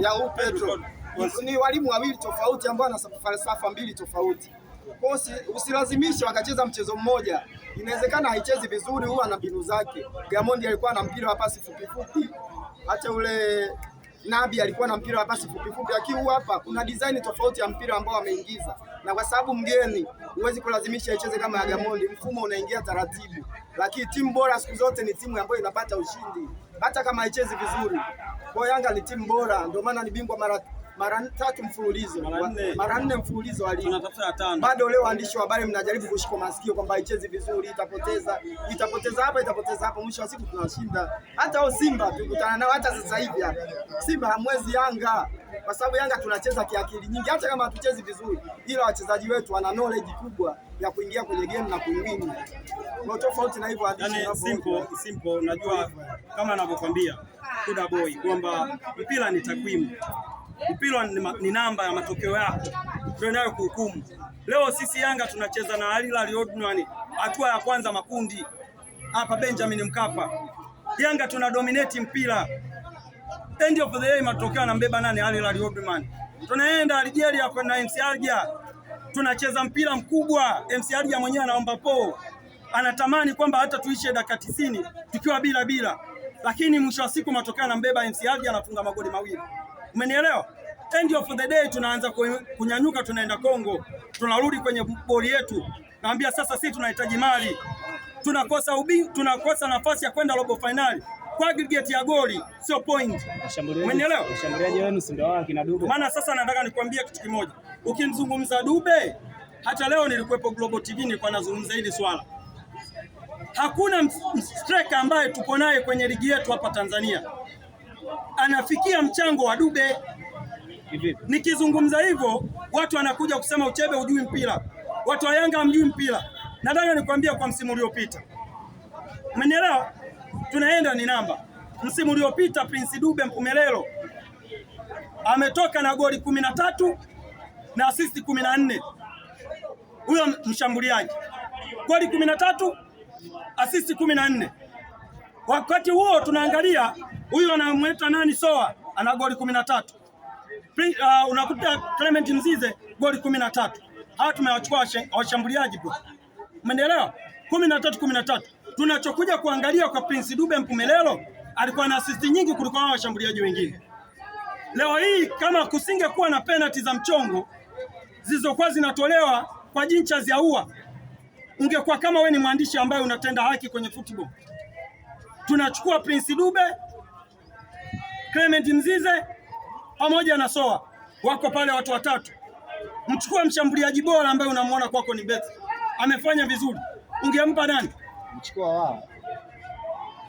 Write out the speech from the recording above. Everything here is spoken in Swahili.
ya huu petro ni walimu wawili tofauti ambao wana falsafa mbili tofauti. Usilazimishe wakacheza mchezo mmoja, inawezekana haichezi vizuri, huwa na mbinu zake. Gamondi alikuwa na mpira wa pasi fupifupi, hata ule Nabi alikuwa na mpira wa pasi fupi fupi, lakini huu hapa kuna design tofauti ya mpira ambao ameingiza, na kwa sababu mgeni huwezi kulazimisha icheze kama Agamondi, mfumo unaingia taratibu, lakini timu bora siku zote ni timu ambayo inapata ushindi hata kama haichezi vizuri. Kwa Yanga ni timu bora, ndio maana ni bingwa mara mara tatu mfululizo, mara nne mfululizo, bado leo waandishi wa habari mnajaribu kushika masikio kwamba haichezi vizuri, itapoteza itapoteza hapa, itapoteza hapa. mwisho wa siku tunashinda. Hata wao Simba tukutana nao hata sasa hivi hapa, Simba hamwezi Yanga kwa sababu Yanga tunacheza kiakili nyingi, hata kama hatuchezi vizuri, ila wachezaji wetu wana knowledge kubwa ya kuingia kwenye game na kuiwini. Kwa tofauti na hivyo yani, simple simple, najua kama anavyokwambia Kuda Boy kwamba mpira ni takwimu mpira ni, ni namba ya matokeo yako ndio nayo kuhukumu. Leo sisi Yanga tunacheza na Al Hilal Omdurman hatua ya kwanza makundi hapa Benjamin Mkapa. Yanga tuna dominate mpira, end of the day matokeo anambeba nani? Al Hilal Omdurman. Tunaenda Algeria kwenda MC Alger, tunacheza mpira mkubwa. MC Alger mwenyewe anaomba po, anatamani kwamba hata tuishe dakika tisini tukiwa bila bila, lakini mwisho wa siku matokeo anambeba MC Alger, anafunga magoli mawili. Umenielewa? End of the day tunaanza kunyanyuka, tunaenda Kongo, tunarudi kwenye boli yetu. Naambia sasa, sisi tunahitaji mali, tunakosa ubi, tunakosa nafasi ya kwenda robo finali kwa aggregate ya goli, sio point. Umenielewa? Mshambuliaji wenu si ndio wao kina Dube? Maana sasa nataka nikwambie kitu kimoja, ukimzungumza Dube, hata leo nilikuwepo Global TV, nilikuwa nazungumza hili swala hakuna striker ambaye tuko naye kwenye ligi yetu hapa Tanzania anafikia mchango wa Dube. Nikizungumza hivyo, watu wanakuja kusema Uchebe hujui mpira, watu wa Yanga hamjui mpira. Nataka nikwambia kwa msimu uliopita, umenielewa? Tunaenda ni namba, msimu uliopita Prince Dube Mpumelelo ametoka na goli kumi na tatu na asisti kumi na nne huyo mshambuliaji goli kumi na tatu asisti kumi na nne wakati huo tunaangalia Huyu anamweta nani? Soa ana goli kumi na tatu. Uh, unakuta Clement Mzize goli kumi na tatu. Hawa tumewachukua washambuliaji bro, umeelewa? kumi na tatu kumi na tatu. Tunachokuja kuangalia kwa Prince Dube Mpumelelo alikuwa na assist nyingi kuliko hao washambuliaji wengine. Leo hii kama kusingekuwa na penalty za mchongo zilizokuwa zinatolewa kwa jincha za ua, ungekuwa kama we ni mwandishi ambaye unatenda haki kwenye football. Tunachukua Prince Dube Clement Mzize pamoja na Soa wako pale, watu watatu. Mchukue mshambuliaji bora ambaye unamwona kwako ni Beth. amefanya vizuri, ungempa nani? Mchukua wao